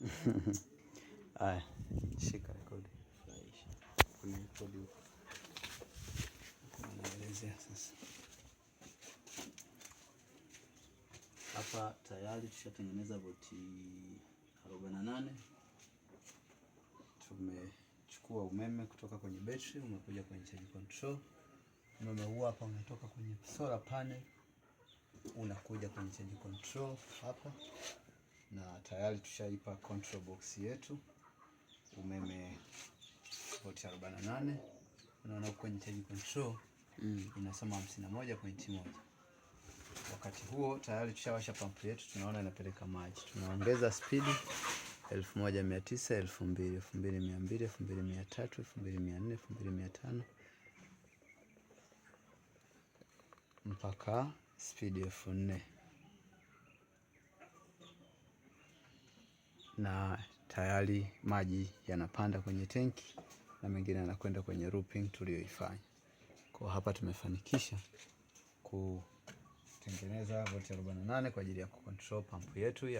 Aya, shika rekodi. sasa. Hapa tayari tushatengeneza boti 48. Tumechukua umeme kutoka kwenye betri umekuja kwenye charge control. Umeme huu hapa unatoka kwenye solar panel unakuja kwenye charge control hapa na tayari tushaipa control box yetu umeme volti 48. Unaona kwenye charge control mm. inasoma 51.1. Wakati huo tayari tushawasha pampu yetu, tunaona inapeleka maji. Tunaongeza spidi 1900, 2000, 2200, 2300, 2400, 2500 mpaka spidi 4000. na tayari maji yanapanda kwenye tenki na mengine yanakwenda kwenye rooping tuliyoifanya. Kwa hapa tumefanikisha kutengeneza volti 48 kwa ajili ya kucontrol pampu yetu ya